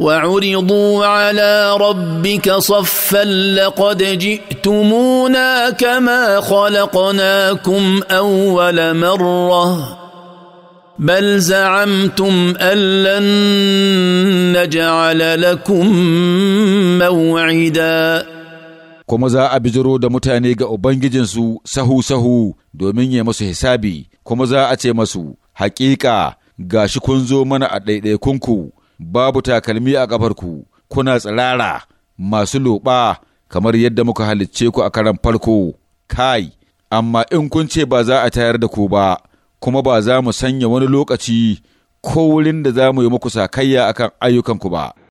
وعرضوا على ربك صفا لقد جئتمونا كما خلقناكم اول مره بل زعمتم ان لن نجعل لكم موعدا kuma za a bijiro da mutane ga Ubangijinsu sahu-sahu domin ya masu hisabi, kuma za a ce masu, Hakika, gashi kun zo mana a ɗaiɗaikunku babu takalmi a ƙafarku, kuna tsirara masu loɓa kamar yadda muka halicce ku a karan farko, kai, amma in kun ce ba za a tayar da ku ba, kuma ba za mu sanya wani lokaci ko wurin da za mu yi muku sakayya akan ayyukanku ba.